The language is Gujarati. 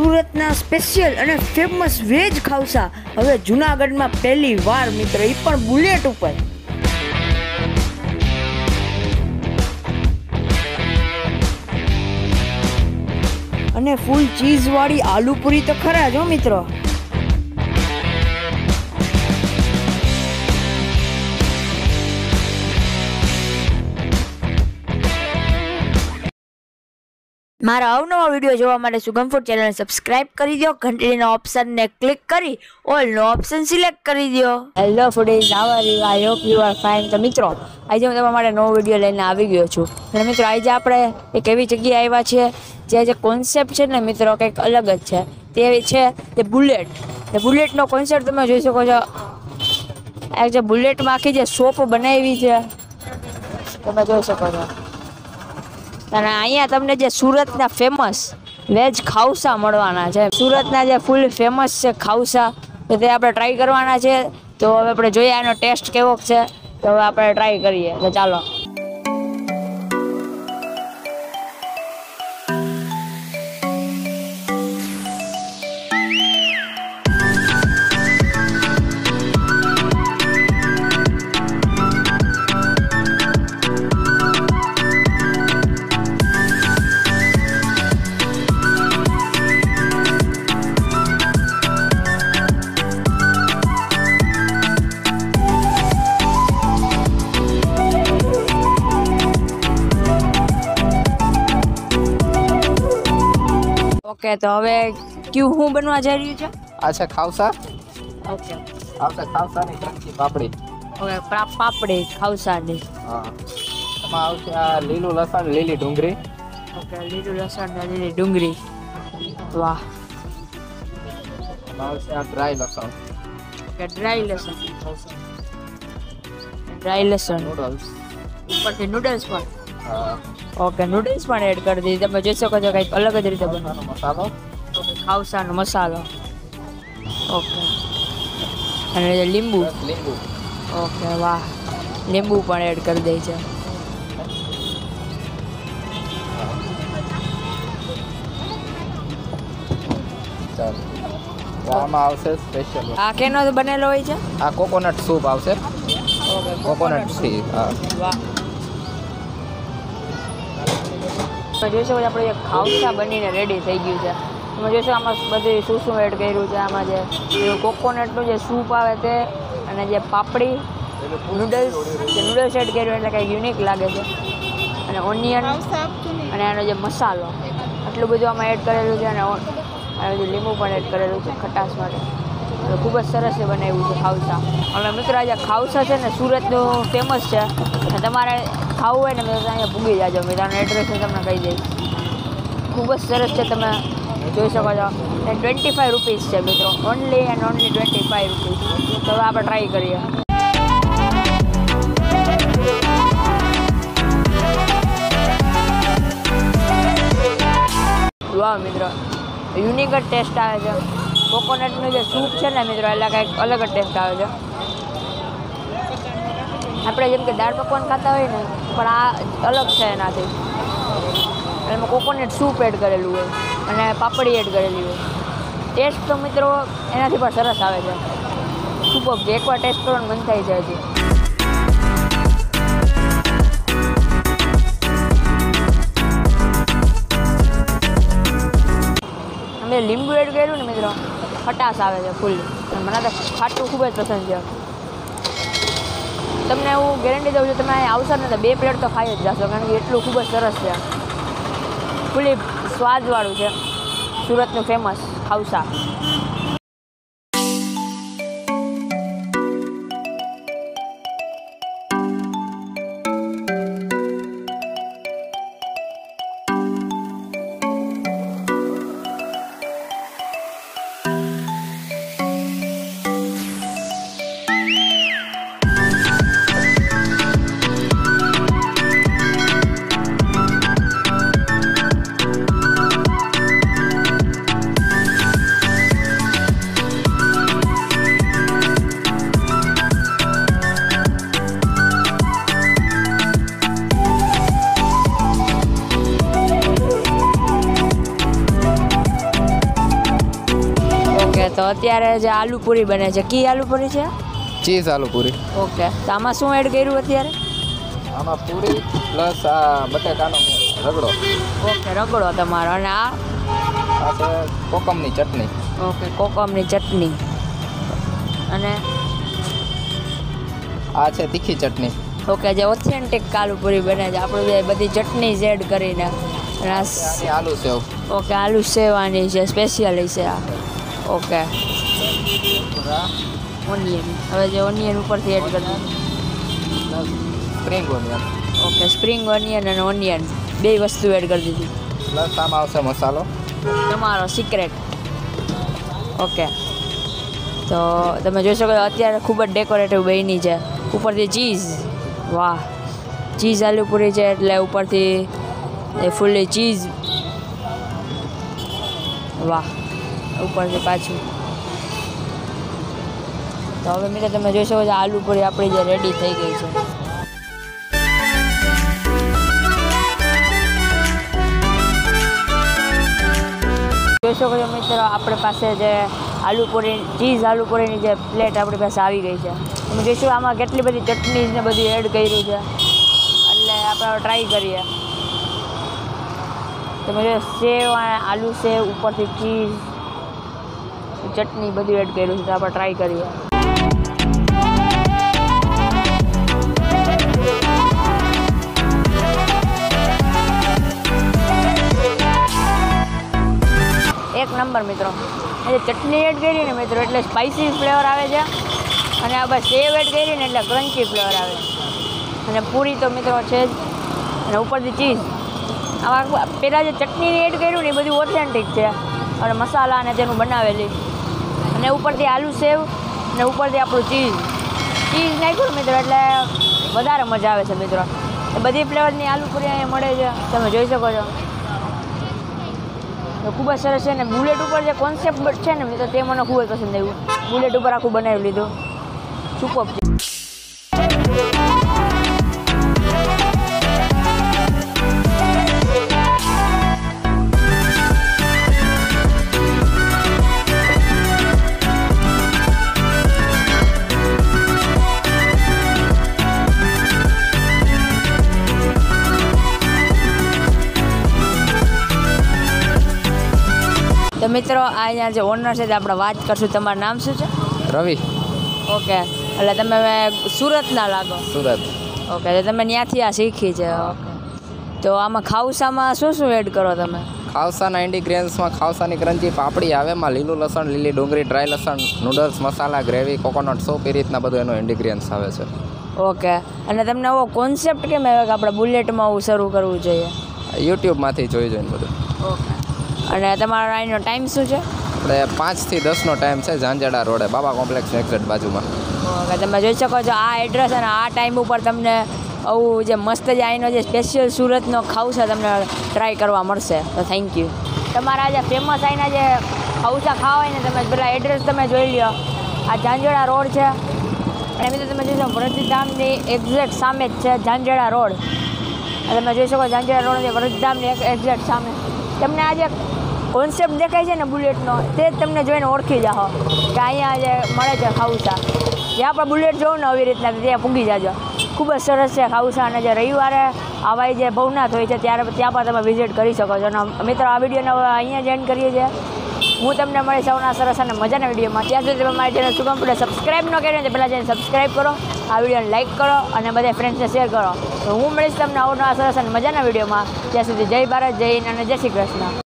સુરતના સ્પેશિયલ અને ફેમસ વેજ ખાવસા હવે જુનાગઢમાં પહેલી વાર મિત્ર એ પણ બુલેટ ઉપર અને ફૂલ ચીઝવાળી આલુ પૂરી તો ખરા જો મિત્રો મારા અવનવા વિડીયો જોવા માટે સુગમ ફૂડ ચેનલને સબસ્ક્રાઇબ કરી દો ઘંટડીના ઓપ્શનને ક્લિક કરી ઓલનો ઓપ્શન સિલેક્ટ કરી દો hello foodies how are you I hope you are fine તો મિત્રો આજે હું તમારા માટે નવો વિડીયો લઈને આવી ગયો છું અને મિત્રો આજે આપણે એક એવી જગ્યાએ આવ્યા છીએ જ્યાં જે કોન્સેપ્ટ છે ને મિત્રો કંઈક અલગ જ છે તે છે તે બુલેટ તે બુલેટનો કોન્સેપ્ટ તમે જોઈ શકો છો એક જે બુલેટમાં આખી જે શોપ બનાવી છે તમે જોઈ શકો છો અને અહીંયા તમને જે સુરતના ફેમસ વેજ ખાઉસા મળવાના છે સુરતના જે ફૂલ ફેમસ છે ખાઉસા તો તે આપણે ટ્રાય કરવાના છે તો હવે આપણે જોઈએ એનો ટેસ્ટ કેવો છે તો હવે આપણે ટ્રાય કરીએ તો ચાલો ઓકે તો હવે ક્યુ હું બનવા જઈ રહ્યું છે અચ્છા ખાવસા ઓકે ખાવસા ખાવસા ક્રંચી પાપડી ઓકે પાપડી ખાવસા હા એમાં આવશે આ લીલું લસણ લીલી ડુંગળી ઓકે લીલું લસણ ને લીલી ડુંગળી વાહ આવશે આ ડ્રાય લસણ કે ડ્રાય લસણ ડ્રાય લસણ નૂડલ્સ ઉપરથી નૂડલ્સ પણ હા ઓકે નૂડલ્સ પણ એડ કરી દીધી તમે જોઈ શકો છો કંઈક અલગ જ રીતે બનવાનો મસાલો ખાવસાનો મસાલો ઓકે અને લીંબુ લીંબુ ઓકે વાહ લીંબુ પણ એડ કરી દે છે આમાં આવશે આ કેનો બનેલો હોય છે આ કોકોનટ સૂપ આવશે કોકોનટ સી હા વાહ તમે જોઈ આપણે ખાઉસા બનીને રેડી થઈ ગયું છે એમાં જોઈ આમાં બધું શું શું એડ કર્યું છે આમાં જે કોકોનટનું જે સૂપ આવે તે અને જે પાપડી નૂડલ્સ જે નૂડલ્સ એડ કર્યું એટલે કંઈ યુનિક લાગે છે અને ઓનિયન અને એનો જે મસાલો આટલું બધું આમાં એડ કરેલું છે અને આ બધું લીંબુ પણ એડ કરેલું છે ખટાશ માટે ખૂબ જ સરસ છે બનાવ્યું છે ખાઉસા અને મિત્ર આજે ખાઉસા છે ને સુરતનું ફેમસ છે તમારે ખાવું હોય ને તો અહીંયા પૂગી જાજો મિત્રોનું એડ્રેસ તમને કહી દઈશ ખૂબ જ સરસ છે તમે જોઈ શકો છો અને ટ્વેન્ટી ફાઈવ રૂપીઝ છે મિત્રો only and only twenty five rupees તો આપણે ટ્રાય કરીએ વાહ મિત્રો યુનિક જ ટેસ્ટ આવે છે કોકોનટનું જે સૂપ છે ને મિત્રો એટલે કંઈક અલગ જ ટેસ્ટ આવે છે આપણે જેમ કે દાળ પકવાન ખાતા હોય ને પણ આ અલગ છે એનાથી એમાં કોકોનટ સૂપ એડ કરેલું હોય અને પાપડી એડ કરેલી હોય ટેસ્ટ તો મિત્રો એનાથી પણ સરસ આવે છે સૂપ જે એકવાર ટેસ્ટ કરવાનું મન થાય છે હજી અમે લીંબુ એડ કર્યું ને મિત્રો ખટાશ આવે છે ફૂલ મને તો ખાટું ખૂબ જ પસંદ છે તમને હું ગેરંટી દઉં છું તમે અહીં આવશો ને તો બે પ્લેટ તો ખાઈ જ જશો કારણ કે એટલું ખૂબ જ સરસ છે ફૂલી સ્વાદવાળું છે સુરતનું ફેમસ ખાઉસા અત્યારે જે આલુપૂરી બને છે કી આલુપૂરી છે ચીઝ આલુપૂરી ઓકે તો આમાં શું એડ કર્યું અત્યારે આમાં પૂરી પ્લસ આ બટેટાનો રગડો ઓકે રગડો તમારો અને આ કોકમની ચટણી ઓકે કોકમની ચટણી અને આ છે તીખી ચટણી ઓકે જે ઓથેન્ટિક કાલુપુરી બને છે આપણે જે બધી ચટણી એડ કરીને આલુ સેવ ઓકે આલુ સેવાની છે સ્પેશિયલી છે આ ઓકે ઓનિયન હવે જે ઓનિયન ઉપરથી એડ કરી spring onion okay spring onion અને ઓનિયન બે વસ્તુ એડ કરી દીધી પ્લસ આમાં આવશે મસાલો તમારો સિક્રેટ ઓકે તો તમે જોઈ શકો અત્યારે ખૂબ જ ડેકોરેટિવ બની છે ઉપરથી ચીઝ વાહ ચીઝ આલુ પૂરી છે એટલે ઉપરથી એ ફૂલ્લી ચીઝ વાહ ઉપરથી પાછું તો હવે મિત્રો તમે જોઈ શકો છો આલુ પૂરી આપણી જે રેડી થઈ ગઈ છે જોઈ શકો છો મિત્રો આપણી પાસે જે આલુ પૂરી ચીઝ આલુ પૂરીની જે પ્લેટ આપણી પાસે આવી ગઈ છે તમે જોઈશું આમાં કેટલી બધી ચટણીઝ ને બધું એડ કર્યું છે એટલે આપણે ટ્રાય કરીએ તમે જો સેવ આલુ સેવ ઉપરથી ચીઝ ચટણી બધું એડ કરેલું છે તો આપણે ટ્રાય કરીએ એક નંબર મિત્રો એ ચટણી એડ કરી ને મિત્રો એટલે સ્પાઇસી ફ્લેવર આવે છે અને આ બસ સેવ એડ કરી ને એટલે ક્રન્ચી ફ્લેવર આવે અને પૂરી તો મિત્રો છે જ અને ઉપરથી ચીઝ આવા પહેલાં જે ચટણી એડ કર્યું ને એ બધું ઓથેન્ટિક છે અને મસાલા અને તેનું બનાવેલી ને ઉપરથી આલુ સેવ ને ઉપરથી આપણું ચીઝ ચીઝ નાખ્યું મિત્રો એટલે વધારે મજા આવે છે મિત્રો બધી ફ્લેવરની આલુ પૂરી અહીંયા મળે છે તમે જોઈ શકો છો ખૂબ જ સરસ છે ને બુલેટ ઉપર જે કોન્સેપ્ટ છે ને મિત્રો તે મને ખૂબ જ પસંદ આવ્યું બુલેટ ઉપર આખું બનાવી લીધું સુપર અહીંયા જે ઓનર છે તે આપણે વાત કરશું તમારું નામ શું છે રવિ ઓકે એટલે તમે સુરતના લાગો સુરત ઓકે તો તમે ત્યાંથી આ શીખી છે ઓકે તો આમાં ખાઉસામાં શું શું એડ કરો તમે ખાવસાના ઇન્ડિગ્રેન્સમાં ખાવસાની ક્રંચી પાપડી આવે એમાં લીલું લસણ લીલી ડુંગળી ડ્રાય લસણ noodles masala gravy coconut soup એ રીતના બધું એનો ઇન્ડિગ્રેન્સ આવે છે ઓકે અને તમને એવો કોન્સેપ્ટ કેમ આવ્યો કે આપણે બુલેટમાં શરૂ કરવું જોઈએ યુટ્યુબમાંથી જોઈ જોઈને બધું ઓકે અને તમારા અહીંનો ટાઈમ શું છે આપણે પાંચથી દસનો ટાઈમ છે ઝાંઝડા રોડે બાબા કોમ્પ્લેક્સ એક્ઝેટ બાજુમાં તમે જોઈ શકો છો આ એડ્રેસ અને આ ટાઈમ ઉપર તમને આવું જે મસ્ત જે અહીંનો જે સ્પેશિયલ સુરતનો ખાઉસા તમને ટ્રાય કરવા મળશે તો થેન્ક યુ તમારા જે ફેમસ અહીંના જે ખાઉસા ખાવા હોય ને તમે પેલા એડ્રેસ તમે જોઈ લ્યો આ ઝાંઝડા રોડ છે અને મિત્રો તમે જોઈ શકો વ્રજધામની એક્ઝેક્ટ સામે જ છે ઝાંઝડા રોડ તમે જોઈ શકો ઝાંઝડા રોડની વ્રજધામની એક્ઝેક્ટ સામે તમને આજે કોન્સેપ્ટ દેખાય છે ને બુલેટનો તે તમને જોઈને ઓળખી જાઓ કે અહીંયા જે મળે છે ખાઉસા જ્યાં પણ બુલેટ જોઉં ને આવી રીતના ત્યાં પૂગી જાજો ખૂબ જ સરસ છે ખાઉસા અને જે રવિવારે આવાય જે ભવનાથ હોય છે ત્યારે ત્યાં પણ તમે વિઝિટ કરી શકો છો અને મિત્રો આ વિડીયોને અહીંયા જ એન્ડ કરીએ છીએ હું તમને મળી સૌના સરસ અને મજાના વિડીયોમાં ત્યાં સુધી તમે મારી ચેનલ સુગમ પડે સબસ્ક્રાઈબ ન કરી તો પહેલાં જઈને સબસ્ક્રાઈબ કરો આ વિડીયોને લાઇક કરો અને બધા ફ્રેન્ડ્સને શેર કરો તો હું મળીશ તમને આવો નવા સરસ અને મજાના વિડીયોમાં ત્યાં સુધી જય ભારત જય હિન્દ અને જય શ્રી કૃષ્ણ